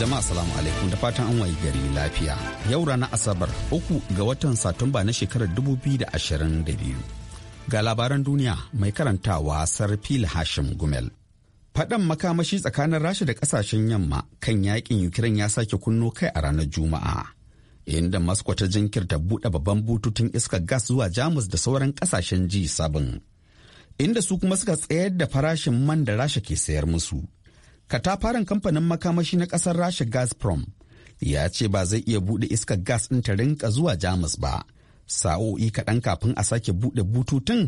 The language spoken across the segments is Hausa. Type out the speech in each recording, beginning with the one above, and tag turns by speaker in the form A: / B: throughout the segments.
A: jama'a salamu alaikum da fatan an wayi gari lafiya yau ranar asabar uku ga watan satumba na shekarar da ashirin biyu. ga labaran duniya mai karantawa sarfil hashim gumel faɗan makamashi tsakanin rasha da ƙasashen yamma kan yakin ukraine ya sake kunno kai a ranar juma'a inda moscow ta jinkirta buɗe babban bututun iskar gas zuwa jamus da sauran ƙasashen ji sabin inda su kuma suka tsayar da farashin man da rasha ke sayar musu katafaren kamfanin makamashi na kasar rasha gazprom ya ce ba zai iya bude iskar gas ɗin ta rinka zuwa jamus ba sa'o'i kaɗan kafin a sake bude bututun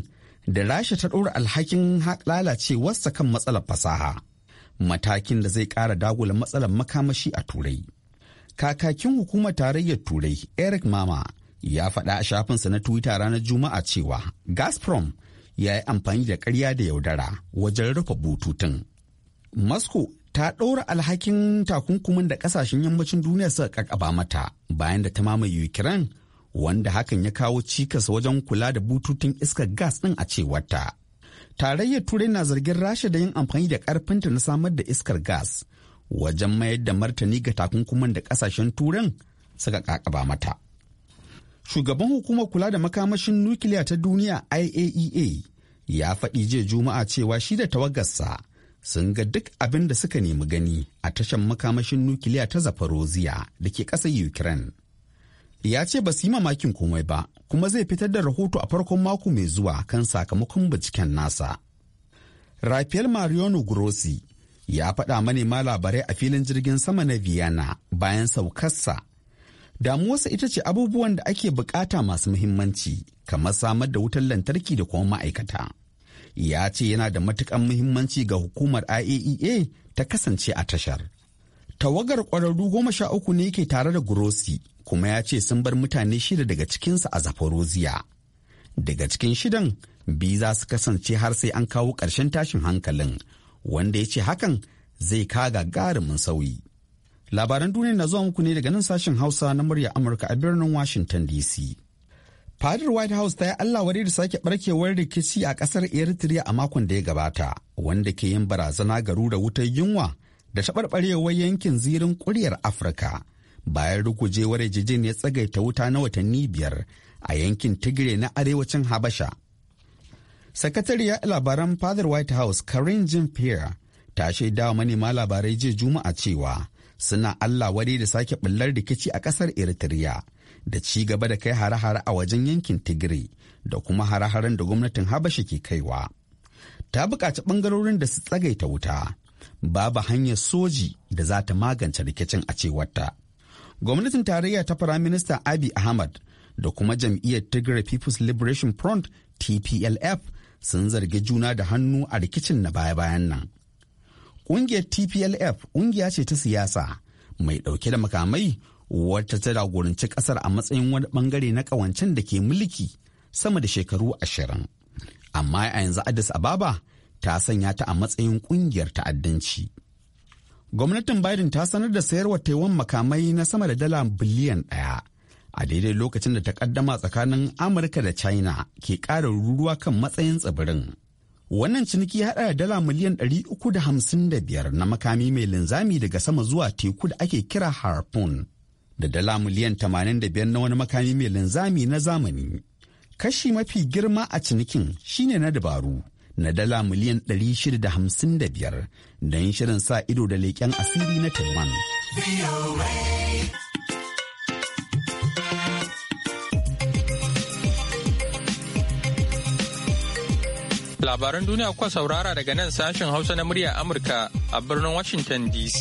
A: da rasha ta ɗora alhakin lalacewarsa kan matsalar fasaha matakin da zai ƙara dagula matsalar makamashi a turai kakakin hukumar tarayyar turai eric mama ya faɗa a shafinsa na twitter ranar juma'a cewa gazprom ya yi amfani da ƙarya da yaudara wajen rufe bututun Moscow ta ɗora alhakin takunkumin da ƙasashen yammacin duniya suka ƙaƙaba mata bayan da ta mamaye Ukraine wanda hakan ya kawo cikas wajen kula da bututun iskar gas ɗin a cewarta. Tarayyar Turai na zargin Rasha da yin amfani da ƙarfinta na samar da iskar gas wajen mayar da martani ga takunkuman da ƙasashen Turan suka ƙaƙaba mata. Shugaban hukumar kula da makamashin nukiliya ta duniya IAEA e ya faɗi jiya Juma'a cewa shi da tawagarsa sun ga duk abin da suka nemi gani a tashar makamashin nukiliya ta zaporozhia da ke ƙasar ukraine ya ce ba su yi mamakin komai ba kuma zai fitar da rahoto a farkon mako mai zuwa kan sakamakon binciken nasa rafael mariano grossi ya faɗa manema labarai a filin jirgin sama na vienna bayan saukarsa damuwarsa ita ce abubuwan da ake bukata masu muhimmanci kamar samar da wutar lantarki da kuma ma'aikata ya ce yana da matukan muhimmanci ga hukumar IAEA e ta kasance a tashar. Tawagar ƙwararru goma sha uku ne ke tare da Grossi kuma ya ce sun bar mutane shida daga cikinsa a Zaporozhia. Daga cikin shidan, biyu za su kasance har sai an kawo ƙarshen tashin hankalin, wanda ya ce hakan zai kaga garumin sauyi. Labaran duniya na zuwa muku ne daga nan sashen Hausa na murya Amurka a birnin Washington DC. fadar white house ta yi allah wadai da sake barkewar rikici a kasar eritrea a makon da ya gabata wanda ke yin barazana ga rura wutar yunwa da taɓarɓarewar yankin zirin ƙuryar afirka bayan rugujewar jijin ya tsagaita wuta na watanni biyar a yankin tigire na arewacin habasha sakatariya labaran fadar white house karin jim pierre ta shaidawa manema labarai jiya juma'a cewa suna allah wadai da sake bullar rikici a kasar eritrea da ci gaba da kai hare-hare a wajen yankin tigray da kuma hare-haren da gwamnatin habasha ke kaiwa ta buƙaci ɓangarorin da su tsagaita wuta babu hanyar soji da za ta magance rikicin a cewarta gwamnatin tarayya ta firaminista abi ahmad da kuma jam'iyyar tigray people's liberation front tplf sun zargi juna da hannu a rikicin na baya-bayan nan ƙungiyar tplf ƙungiya ce ta siyasa mai ɗauke da makamai wata ta jagoranci kasar a matsayin wani bangare na kawancen da ke mulki sama da shekaru ashirin amma a yanzu addis ababa ta sanya ta a matsayin kungiyar ta'addanci gwamnatin biden ta sanar da sayarwa taiwan makamai na sama da dala biliyan daya a daidai lokacin da ta kaddama tsakanin amurka da china ke ƙara ruruwa kan matsayin tsibirin wannan ciniki hada da dala miliyan 355 na makami mai linzami daga sama zuwa teku da ake kira harpoon da dala miliyan 85 na wani makami mai linzami na zamani. Kashi mafi girma a cinikin shine na dabaru na dala miliyan 155 don shirin sa ido da leƙen asiri na Taiwan.
B: Labaran duniya kuwa saurara daga nan sashen Hausa na murya Amurka a birnin Washington DC.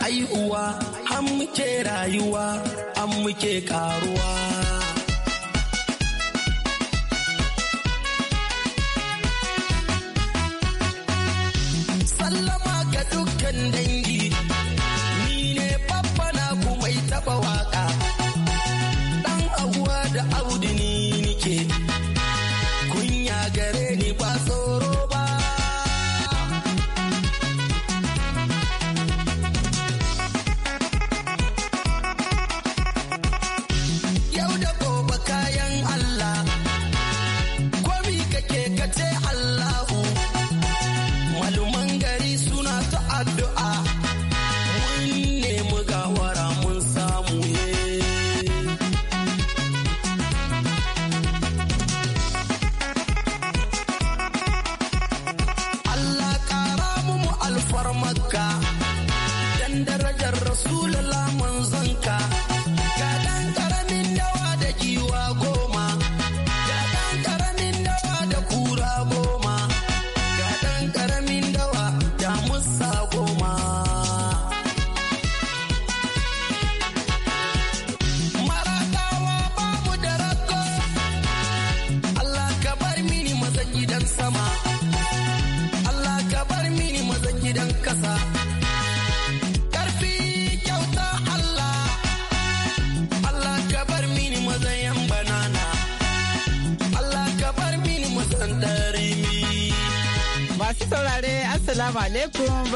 C: aihuwa an muke rayuwa an muke karuwa sallama ga dukkan dai.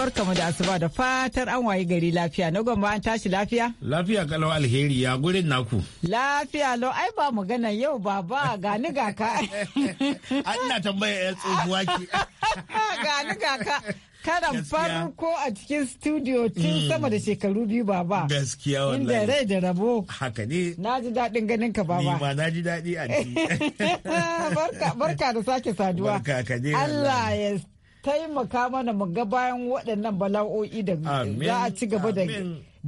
D: barkamu da asuba da fatar an wayi gari lafiya na gwamba an tashi lafiya?
E: Lafiya kalau alheri ya gurin naku.
D: Lafiya lau ai ba mu gana yau ba ba gani ga ka. Ah, na tambaya ya tsohuwa ki. Gani ga ka. karan farko a cikin studio tun hmm. sama da shekaru biyu baba. Gaskiya wallahi. Inda rai da rabo. Haka ne. Na ji daɗin ganin ka baba. Ni ma na ji daɗi a Barka da sake saduwa. Barka ka ne. Allah ya taimaka mana mu ga bayan waɗannan bala'o'i da za a ci gaba da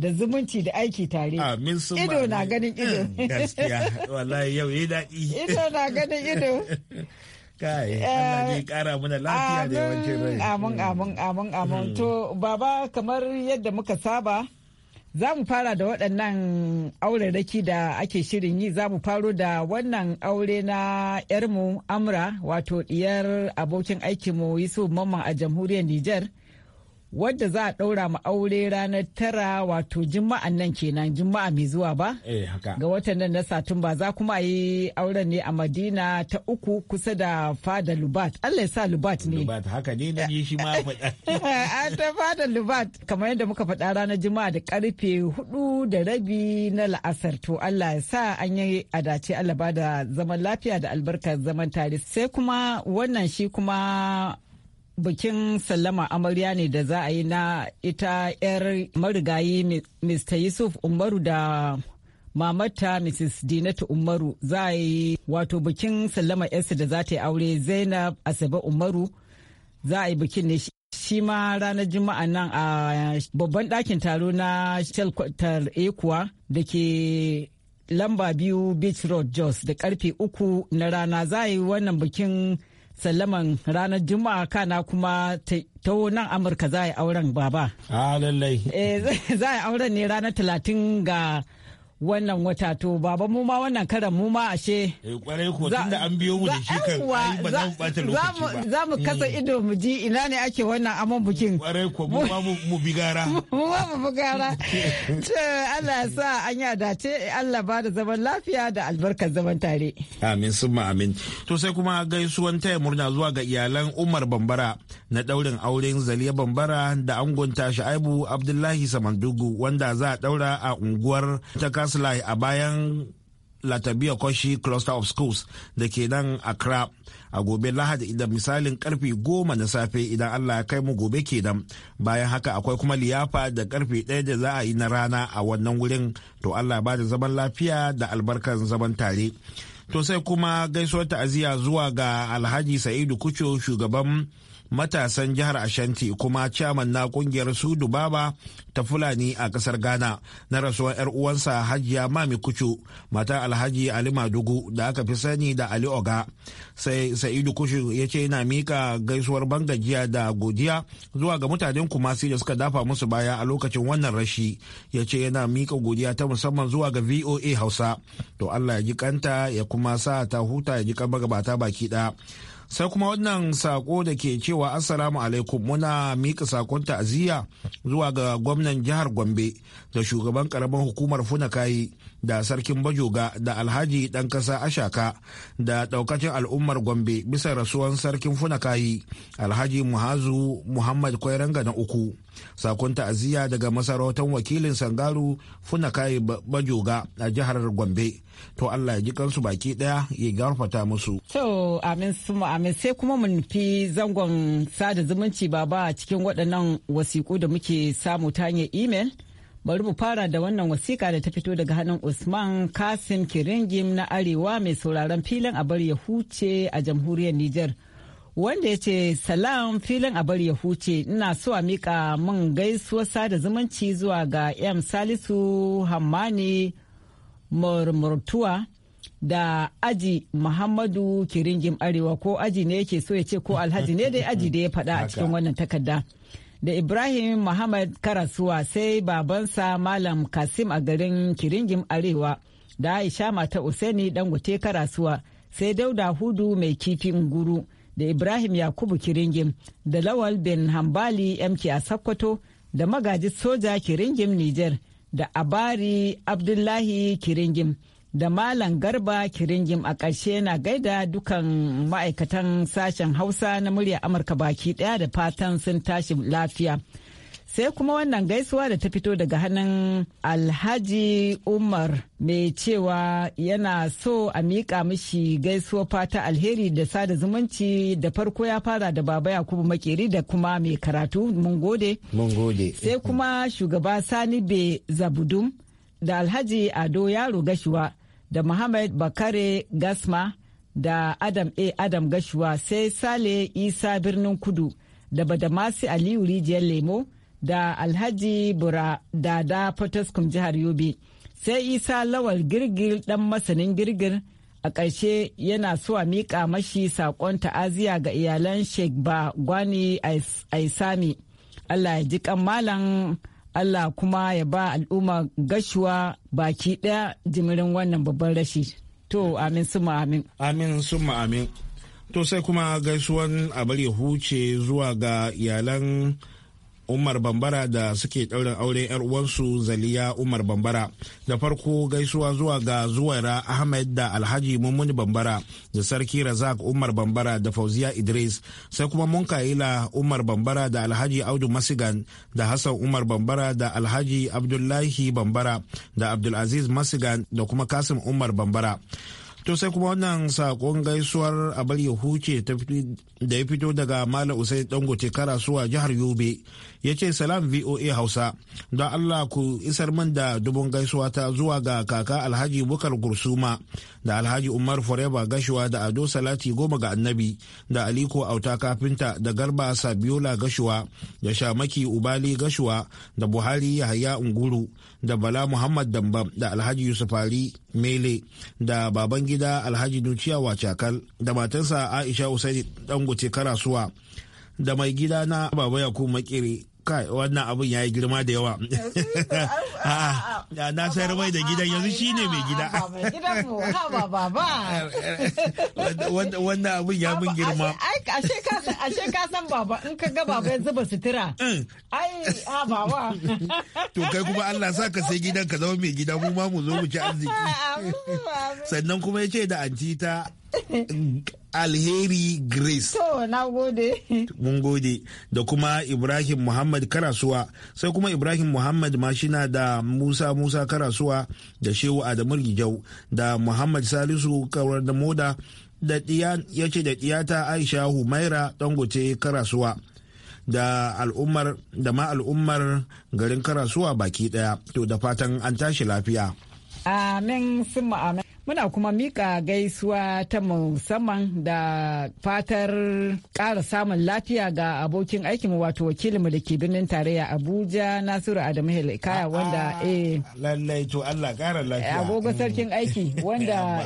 D: da zumunci da aiki tare. Amin sun Ido na ganin ido. Hmm, gaskiya,
E: wallahi yau yi
D: daɗi. Ido na ganin ido. Kai, eh, Allah ne mana lafiya da yawancin rai. Amin, amin, amin, amin. Hmm. To, baba kamar yadda muka saba, za mu fara da waɗannan auraraki da ake shirin yi za mu faro da wannan aure na 'yarmu amra wato ɗiyar abokin aikinmu yusuf mamman a jamhuriyar niger wadda za a ɗaura ma aure ranar tara wato juma'an nan kenan juma'a mai zuwa ba
E: eh, ga
D: watan nan na satumba za kuma a yi auren ne a madina ta uku kusa da fada lubat allah ya sa lubat ne lubat haka ne na yi shi ma faɗa ta fada lubat kamar yadda muka faɗa ranar juma'a da karfe hudu da rabi na la'asar to allah ya sa an yi adace allah ba da zaman lafiya da albarkar zaman tare sai kuma wannan shi kuma bikin sallama amarya ne da za a yi na ita 'yar marigayi Mr. Yusuf Umaru da mamata Mrs. Dinatu Umaru za a yi wato bikin sallama 'yarsa da za ta yi aure Zainab Asabe Umaru za a yi bikin ne shi ma ranar juma'a nan a babban ɗakin taro na shelkwatar ekuwa da ke lamba biyu beach road jos da karfe uku na rana za a yi wannan bikin sallaman ranar juma'a kana kuma ta nan amurka za a yi auren baba a ah, lallai eh za a yi auren ne ranar talatin ga wannan wata to baba mu ma wannan karan mu ma ashe eh, kwarai
E: an biyo mu da shi kan ba za mu lokaci ba za mu kasa mm.
D: ido mu ji ina ne ake wannan amon bikin mm, kwarai mu ma mu bi gara mu ma mu bi to Allah sa an ya dace Allah ba da zaman lafiya da albarkar zaman tare
E: amin summa amin to sai kuma gaisuwan taya murna zuwa ga iyalan Umar Bambara na daurin auren Zaliya Bambara da angonta Shaibu Abdullahi Samandugu wanda za a daura a unguwar ta Kanslai a bayan latabiya Koshi Cluster of Schools da ke nan a Accra a gobe Lahadi idan misalin karfe goma na safe idan Allah ya kai mu gobe kenan. Bayan haka akwai kuma liyafa da karfe ɗaya da za a yi na rana a wannan wurin to Allah ba da zaman lafiya da albarkar zaman tare. To sai kuma gaisuwar ta'aziyya zuwa ga Alhaji Sa'idu Kucho shugaban matasan jihar Ashanti kuma ciyaman na kungiyar su Dubaba ta Fulani a kasar Ghana na rasuwar 'yar uwansa Hajiya Mami kucu mata Alhaji Ali Madugu da aka fi sani da Ali Oga. Sai Sa'idu kucu ya ce yana mika gaisuwar bangajiya da godiya zuwa ga mutanen Kumasi da suka dafa musu baya a lokacin wannan rashi. Ya ce yana mika godiya ta musamman zuwa ga VOA Hausa. To Allah ya ji kanta ya kuma sa ta huta ya ji gabata baki ɗaya. sai kuma wannan sako da ke cewa assalamu alaikum muna mika sakon ta'aziyya zuwa ga gwamnan jihar gombe da shugaban karamin hukumar funakayi da sarkin bajoga da alhaji ɗan ƙasa ashaka da daukacin al'ummar gombe bisa rasuwan sarkin funakayi alhaji muhazu muhammad kwairanga na uku sakon ta'aziyya daga masarautar wakilin sangaru funakayi bajoga a jihar gombe to allah ya ji kansu baki ɗaya ya garfata musu
D: to amin suma amin sai kuma mun nufi zangon sada zumunci ba baba cikin waɗannan wasiku da muke samu ta hanyar imel Bari mu fara da wannan wasiƙa da ta fito daga hannun Usman Kasim Kiringim na Arewa mai sauraron filin a bari ya huce a jamhuriyar Nijar. Wanda ya ce salam filin a bari ya huce ina so a miƙa min gaisuwar sada zumunci zuwa ga M Salisu Hammani Murmurtuwa da aji Muhammadu Kiringim Arewa ko aji ne yake so ya ce ko alhaji ne dai aji da ya faɗa a cikin wannan takarda. da Ibrahim Muhammad Karasuwa sai babansa Malam Kasim a garin Kiringim Arewa da Aisha Mata Useni Dangote Karasuwa sai Dauda Hudu mai kifin guru da Ibrahim Yakubu Kiringim da Lawal bin Hambali MK a Sokoto da magajin soja Kiringim Niger da Abari Abdullahi Kiringim. da Malam Garba Kiringim a ƙarshe yana gaida dukan ma'aikatan sashen Hausa na murya Amurka baki ɗaya da fatan sun tashi lafiya. Sai kuma wannan gaisuwa da ta fito daga hannun Alhaji Umar mai cewa yana so a miƙa mishi gaisuwa fata alheri da sada zumunci da farko ya fara da baba Yakubu Makeri da kuma mai karatu mun gode. Sai kuma shugaba Sani Be Zabudum. da alhaji ado yaro gashuwa da Muhammad Bakare Gasma da Adam A. Adam Gashuwa sai Sale Isa Birnin Kudu da Badamasi Aliyu Rijiyar Lemo da Alhaji Bura Dada Potoskum Jihar Yobe sai Isa Lawal Girgir ɗan masanin girgir a ƙarshe yana so a miƙa mashi saƙon ta'aziyya ga iyalan Sheikh Ba Gwani Aisami. Allah ya ji kan malam Allah kuma ya ba al'umma gashuwa baki ɗaya jimirin wannan babban rashi. To amin suma amin.
E: Amin suma amin. To sai kuma gaisuwan abar ya huce zuwa ga iyalan Umar Bambara da suke ɗaurin aure 'yar uwansu Zaliya Umar Bambara. Da farko gaisuwa zuwa ga Zuwaira Ahmed da Alhaji Mummuni Bambara da Sarki Razak Umar Bambara da Fauziya Idris sai kuma Munkaila Umar Bambara da Alhaji Audu Masigan da Hassan Umar Bambara da Alhaji Abdullahi Bambara da Abdulaziz Masigan da kuma Kasim Umar Bambara. to sai kuma wannan sakon gaisuwar abar ya huce da ya fito daga malam usain dangote karasuwa jihar yobe ya ce salam voa hausa don allah ku isar min da dubun gaisuwa ta zuwa ga kaka alhaji bukar gursuma da alhaji umar forever gashuwa da ado salati goma ga annabi da aliko auta kafinta da garba sabiola gashuwa da shamaki ubali gashuwa da buhari yahaya unguru da bala muhammad dambam da alhaji yusuf ali mele da babangida alhaji nuciya wacakal da matansa aisha usaini dangote karasuwa da mai gida na baba yakubu makere kai wannan abun ya yi girma da yawa na sayar mai da gidan yanzu shi ne mai gida wannan abun ya mun girma
D: A ka san baba in ka ga baba ya zuba sutura mm. ai ha baba
E: to kai kuma Allah sa ka sai gidan ka zama mai gida mu ma mu zo mu ci arziki sannan kuma ya ce da
D: antita.
E: alheri grace
D: to na gode
E: mun gode da kuma ibrahim muhammad karasuwa sai kuma ibrahim muhammad mashina da musa musa karasuwa da shehu adamu rijau da muhammad salisu kawar da moda da ya ce da ɗiyata aisha humaira dangote karasuwa da al'ummar da ma al'ummar garin karasuwa baki ɗaya to da fatan an tashi lafiya
D: amin sun amin Muna kuma mika gaisuwa ta musamman da fatar ƙara samun lafiya ga abokin aikinmu wato wakilinmu da ke birnin tarayya Abuja Nasiru Adamu Helikaya ah, wanda ah, eh lallai to Allah ƙara lafiya. Agogo sarkin aiki wanda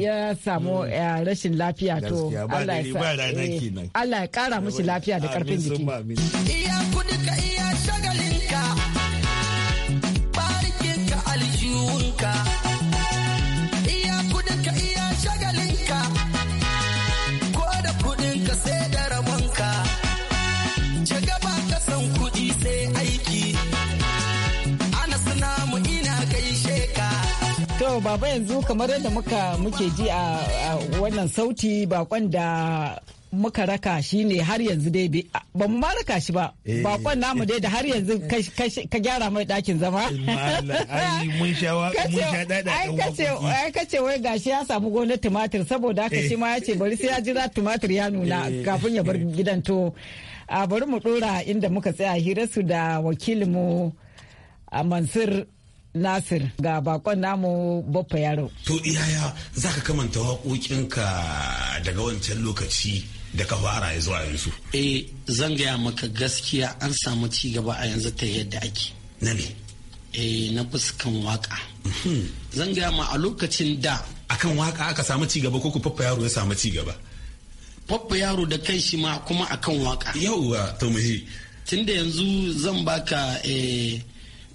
D: ya samu mm. eh, rashin lafiya to eh, Allah ya ƙara mushi lafiya da ƙarfin jiki.
C: Iya kudi ka iya
D: To baba yanzu kamar yadda muka muke ji a wannan sauti bakon da muka raka shi ne har yanzu dai ba mu ma raka shi ba eh. bakon namu dai da har yanzu eh. ka gyara mai dakin zama eh,
E: mun sha ai
D: kace wai gashi ya samu gonar tumatir saboda haka shi ma ya ce bari sai ya jira tumatir ya nuna kafin ya bar gidan to bari mu dora inda muka tsaya hirarsu da wakilinmu a mansur Nasir ga bakon namu Baffa Yaro.
F: To iyaya za ka kamanta waƙoƙinka daga wancan lokaci da ka fara ya zuwa yanzu? Eh
C: zan gaya maka gaskiya an samu ci gaba a yanzu ta yadda ake. Na ne? Eh na fuskan waka. Mhm. Zan gaya ma a lokacin da. Akan waka aka samu ci gaba ko ku Baffa Yaro ya samu ci gaba? Baffa Yaro da kan shi ma kuma akan waka. Yauwa to mu Tunda yanzu zan baka eh,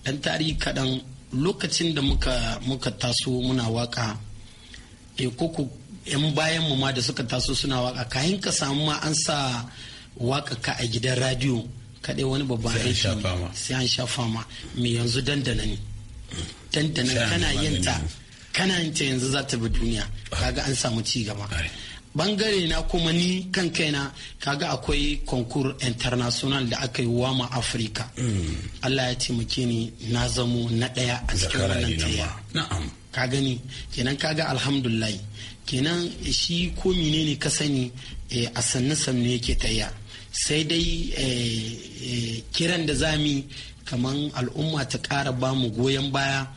C: ɗan tarihi kaɗan lokacin da muka muka taso muna waka e eh, koko yan bayan mu ma da suka taso suna waka kayan ka samu ma an sa waka ka a gidan radio kaɗai wani babban aiki sai an shafa ma me yanzu dandana ne dandana kana yin ta kana yin ta yanzu za ta bi duniya kaga an samu ci gaba bangare na kuma ni kan kaina kaga akwai konkur international da aka yi wa ma afirka mm. allah ya taimake ni na zamo na ɗaya a cikin wannan taya ka gani kenan kaga alhamdulillah kenan shi ko ne ka sani eh, a sannu sannu yake taya sai dai eh, eh, kiran da zami kaman al'umma ta kara bamu goyon baya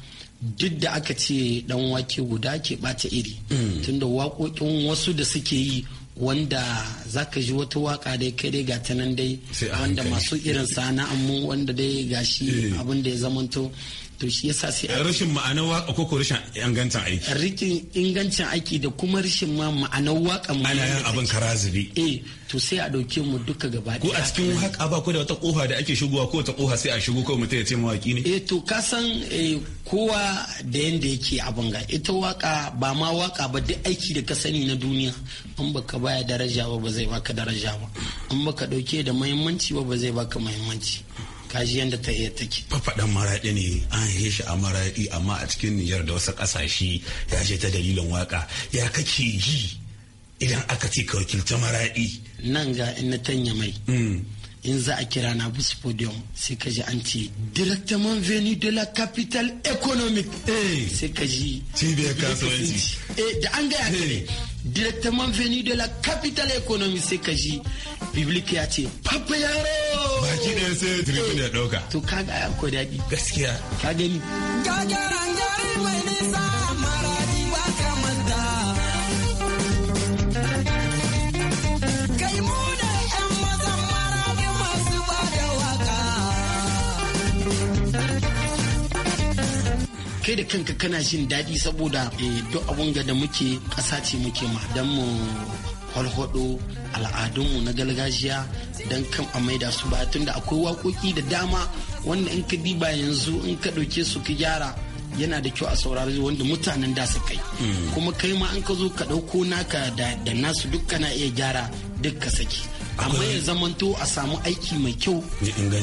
C: duk da aka ce dan wake guda ke bata iri mm. tunda waƙoƙin wasu da suke yi wanda za ka ji wata waka dai kai dai ga nan dai wanda masu irin amma wanda dai gashi eh. abin da ya zamanto to shi yasa sai a
F: rashin ma'anar waka ko ko rashin
C: ingancin aiki rikin ingancin aiki da kuma rashin ma ma'anar waka ana yin abin karazibi eh to sai a ɗauke mu duka gaba ko a cikin
F: haka ba ko da wata koha da ake shigowa ko wata koha sai a shigo kawai mutum ya ce mawaki ne eh to ka san eh, kowa da yanda yake abin ga ita waka ba ma waka ba duk aiki
C: da ka sani na duniya in baka baya daraja ba ba zai baka daraja ba an baka dauke
F: da mahimmanci ba ba zai baka mahimmanci kaji yadda ta iya take. Fafaɗan maraɗi ne an yi shi a maraɗi amma a cikin Nijar da wasu ƙasashe ya ce ta dalilin waka ya kake yi idan aka ce ka wakilta maraɗi. nan ga in na tanya mai
C: hmm. in za a kira na bus podium sai ka ji an ce directement venu de la capitale économique eh. sai ka ji cibiyar kasuwanci eh, da an gaya ka ne eh. directement venu de la capitale économique sai ka ji public ya ce papa yaro baki ɗaya sai tribune ya dauka to kaga akwai daɗi gaskiya ka gani gagaran gari mai nisa kai da kanka kana jin daɗi saboda eh, duk abun da muke ƙasa ce muke ma don mu kwalhwado al'adunmu na gargajiya don kan a maida su ba tunda akwai waƙoƙi da dama wanda in ka diba yanzu in ka ɗauke su ka gyara yana da kyau a saurari wanda mutanen da su kai mm. kuma kai ma an ka zo ka ɗauko naka da nasu duk kana iya gyara duk ka saki amma ya zamanto a samu aiki mai kyau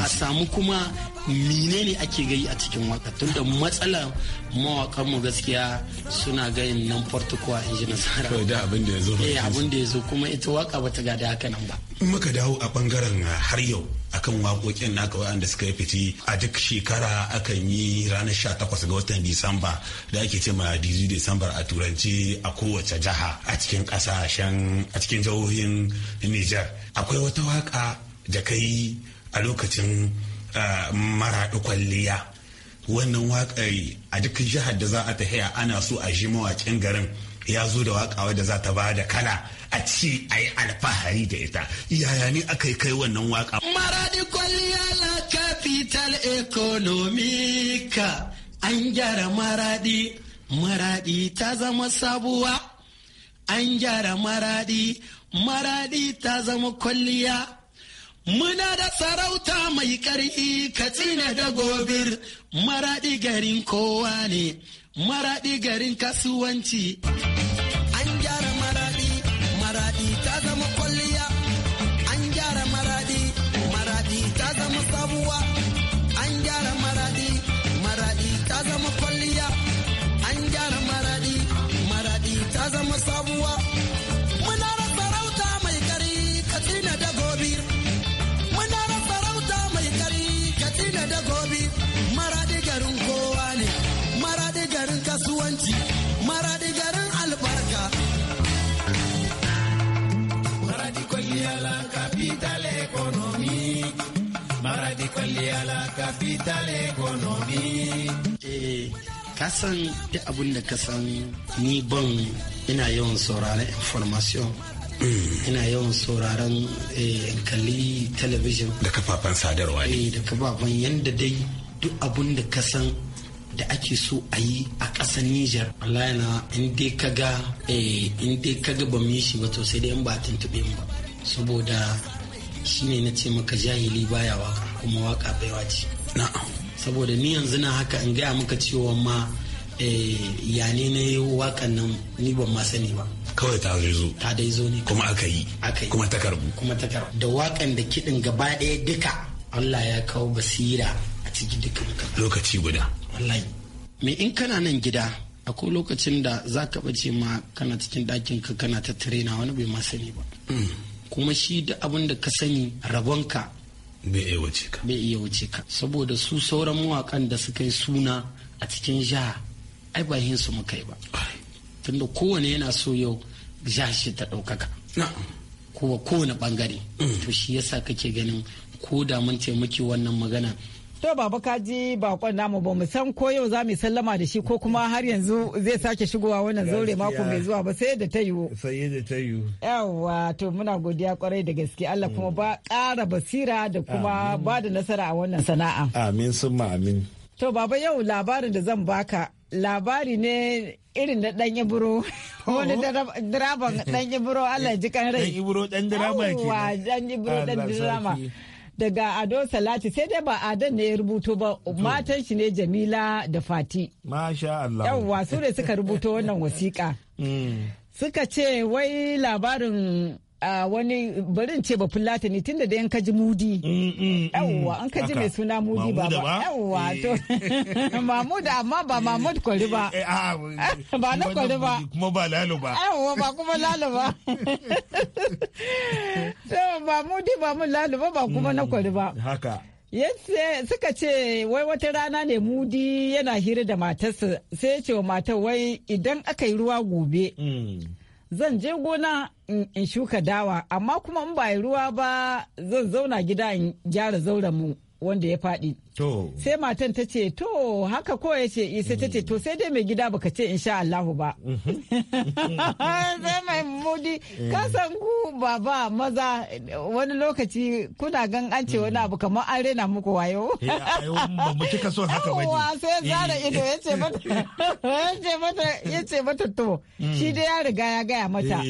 C: a samu kuma menene ake gayi a cikin waka Tun da matsala mawakan mu gaskiya suna gayin nan portukuwa in ji nasara kawai
F: da abin da ya zo eh, abin da
C: ya zo kuma ita waka bata gada haka nan ba
F: in muka dawo a bangaren har yau akan waƙoƙin naka wanda suka yi fiti a duk shekara akan yi ranar sha takwas ga watan disamba da ake ce ma dizi disamba a turanci a kowace jiha a cikin ƙasashen a cikin jihohin niger akwai wata waka da ka yi a lokacin maraɗi kwalliya wannan waƙar a duk jihar da za a ta haya ana so a shi mawaƙin garin ya zo da waka wadda za ta ba da kala a ci a yi alfahari da ita yaya ne aka yi kai wannan waka maradi
C: kwalliya capital economica an gyara maradi maradi ta zama sabuwa an gyara maradi maradi ta zama kwalliya muna da sarauta mai ƙarfi katsina da gobir maradi garin kowa ne Maraɗi garin kasuwanci. digital economy eh, ka san duk abin da ka san ni ban ina yawan sauraron information mm. ina yawan sauraron eh, kalli television
F: da kafafen sadarwa ne
C: eh, da kafafen yanda dai duk abin da ka san da ake so a yi a ƙasar Nijar. Wallahi na in dai ka ga in dai ka ga ba yi shi ba to sai dai in ba tuntuɓe mu ba. Saboda shine na ce maka jahili baya waka kuma waka baiwa ce. saboda ni yanzu na haka in gaya maka cewa ma eh, ya ne na yi wakan nan ni ban ma sani ba
F: kawai ta zai zo ta dai zo ne kuma aka yi kuma ta karbu
C: kuma ta karbu da wakan da kiɗin gaba ɗaya duka Allah ya kawo basira a ciki duka
F: lokaci guda
C: wallahi me in kana nan gida akwai lokacin da za ka bace ma kana cikin ɗakin ka kana ta na wani bai ma sani ba mm. kuma shi da abin da ka sani rabonka bai iya wuce ka bai iya wuce ka saboda su sauran mawakan da suka yi suna a cikin jiha ai ba yin su muka yi ba tunda kowane yana so yau ja shi ta ɗaukaka kowa kowane ɓangare mm. to shi yasa kake
D: ganin ko da mun taimaki wannan magana To baba kaji bakon namu ba mu san ko yau za mu sallama da shi ko kuma har yanzu zai sake shigowa wannan zaure mako mai zuwa ba sai da ta yiwu. Sai da ta yiwu. Yawwa to muna godiya kwarai da gaske Allah kuma ba ƙara basira da kuma ba da nasara a wannan sana'a.
E: Amin summa amin.
D: To baba yau labarin da zan baka labari ne irin da dan iburo oh. wani diraban dan iburo Allah ji kan rai. Dan iburo dan drama ke. dan iburo dan daga Ado Salati sai dai ba adon ne ya rubuto ba matan shi ne Jamila da Fati. Masha Allah. Yawwa su ne suka rubuto wannan wasiƙa. Mm. Suka ce wai labarin a wani barin ce ba ne tunda da yan kaji mudi mm, mm, mm. yawwa an kaji mai suna mudi ba ba yawwa eh. to mahmud amma ba mahmud kwari ba eh, ah, ba na kwari ba kuma ba lalo ba yawwa ba kuma lalo ba so mahmudi ba mu lalo ba ba kuma na kwari ba haka yace suka ce wai wata rana ne mudi yana hira da matarsa sai ya ce wa matar wai idan aka yi ruwa gobe zan je gona in shuka dawa amma kuma in ba ruwa ba zan zauna gida in gyara zauren mu wanda ya faɗi. Sai matan ta ce, to haka ko ya ce isa eh, ta ce, to sai dai mai gida baka ce insha Allahu ba. Mhm. Sai mai mudi, eh. kasan ku baba maza wani lokaci kuna gan an ce wani mm. abu kamar an rena muku wayo.
E: Eh, ba sai zara ido ya ce
D: mata, ya ce mata to, shi mm. dai ya riga ya gaya mata.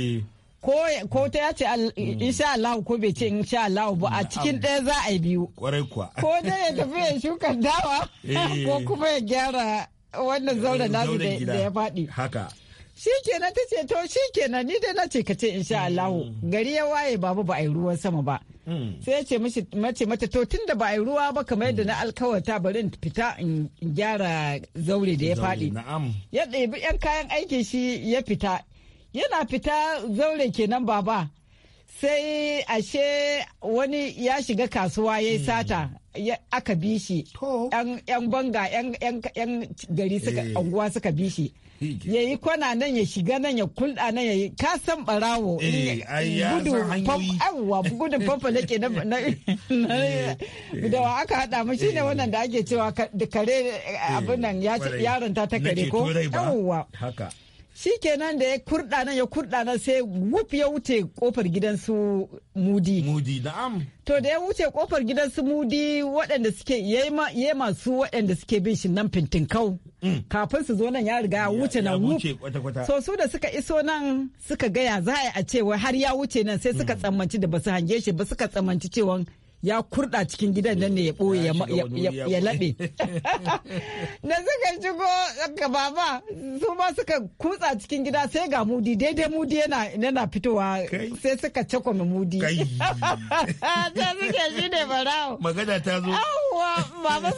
D: ko ta ya ce mm. insha Allah ko bai ce insha Allah ba a mm, cikin ɗaya za a yi biyu.
E: Kwarai kuwa. Ko
D: dai ya tafi ya shuka dawa eh. ko kuma ya gyara wannan zauren nasu da ya faɗi. Haka. Shi kenan ta ce to shi kenan ni dai na ce ka ce insha mm. Allah gari ya waye babu ba a yi ruwan sama ba. Sai ya ce mace mata to tun da ba a yi ruwa ba kamar yadda na alkawarta bari in fita in gyara zaure da ya faɗi. Ya ɗebi 'yan kayan aikin shi ya fita yana fita zaure kenan baba sai ashe wani ya shiga kasuwa hmm. ya sata aka bi shi yan banga yan gari eh. unguwa anguwa suka bi shi ya yi kwana nan ya shiga nan ya kulɗa nan eh, ya yi kasan barawo gudun fafalake na eh, da wa aka haɗa mu shi ne wannan da ake cewa kare abin nan yaron ta ta kare ko yawwa shi kenan da ya kurɗa nan ya kurɗa nan sai wuf ya wuce kofar gidan mudi mudi na'am to da ya wuce kofar gidan mudi waɗanda suke ya masu waɗanda suke bin shi nan fintinkau mm. kafin su zo nan ya riga ya wuce nan wuf so su da suka iso nan suka gaya za a cewa har ya wuce nan sai suka mm. tsammanci da basu hange shi ba suka tsammanci cewa ya kurda cikin gidan nan ne ya ɓoye ya laɓe. Na suka shigo ga baba su ma suka kutsa cikin gida sai ga mudi daidai mudi yana fitowa sai suka mai mudi. Ta suke shi ne barawo. Magana ta zo. Yawwa baba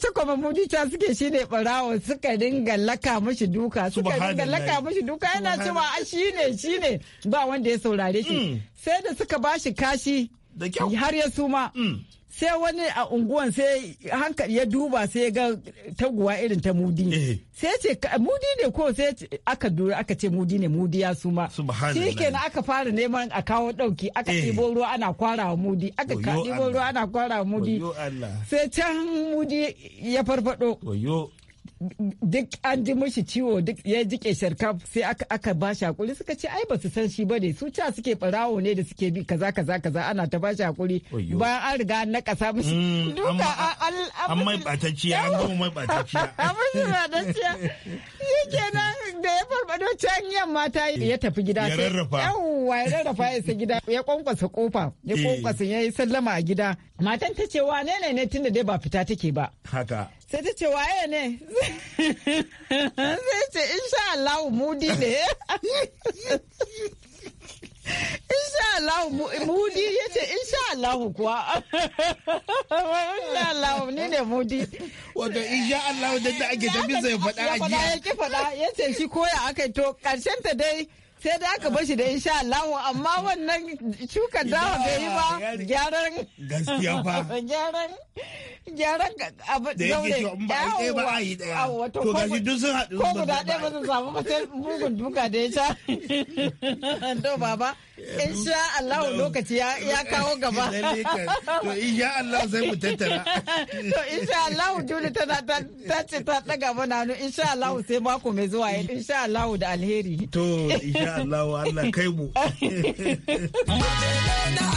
D: suka mai mudi ta suke shi ne barawo suka dinga laka mashi duka. Suka dinga laka mashi duka yana cewa a shi ne shi ne ba wanda ya saurare shi. Mm. Sai da suka bashi kashi da kyau har ya suma mm. sai wani a unguwan sai hankali ya duba sai ga taguwa irin ta mudi eh. sai ce mudi ne ko sai aka dura aka ce mudi ne mudi ya suma shi kenan aka fara neman a kawo dauki aka eh. ɗibo ruwa ana kwarawa mudi aka ɗibo ruwa ana kwarawa mudi sai can mudi ya farfado duk an ji mushi ciwo duk ya jike sharka sai aka aka ba shi hakuri suka ce ai ba su san shi ba ne su ca suke barawo ne da suke bi kaza kaza kaza ana ta ba shi hakuri bayan an riga na kasa mushi mm, duka an mai batacciya an gama mai batacciya an mushi batacciya shikenan da ya farfado can yamma ta ya tafi gida ya rarrafa yawwa ya rarrafa ya sa gida ya kwankwasa kofa ya kwankwasa eh. ya yi sallama a gida matan ta ce wa ne ne tunda dai ba fita take ba haka sai ta ce waye ne sai ce insha Allah mudi ne insha Allah mudi ya ce insha Allah kuwa insha Allah ni ne mudi wato insha Allah da ake tafi zai faɗa a jiya ya faɗa ya ce shi koya aka to karshen ta dai sai da aka bashi da insha Allah amma wannan shuka dawa bai yi ba gyaran gaskiya ba gyaran gyaran abu da yake daure ba ai ba a yi daya to ga shi duk sun haɗu ko guda ɗaya ba zan samu ba sai bugun duka da ya sha to baba insha Allah lokaci ya kawo gaba to insha Allah sai mu tattara to insha Allah Juli tana ta ce ta daga mana hannu insha Allah sai mako mai zuwa insha Allah da alheri to insha Allah
E: Allah kai mu na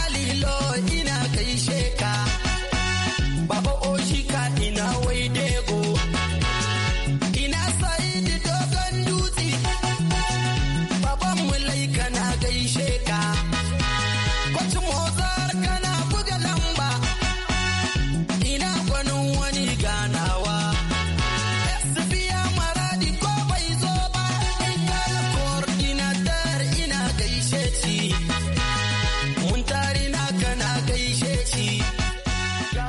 C: alilo ina kai sheka baba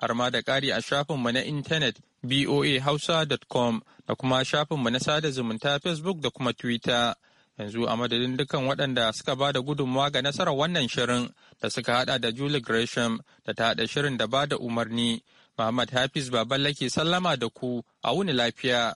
B: har ma da ƙari a shafinmu na intanet boahausa.com da kuma shafinmu na sada zumunta facebook da kuma twitter yanzu a madadin dukkan waɗanda suka ba da gudunmawa ga nasarar wannan shirin da suka hada da julie gresham da ta haɗa shirin da ba da umarni muhammad hafiz baballa ke sallama da ku a wuni lafiya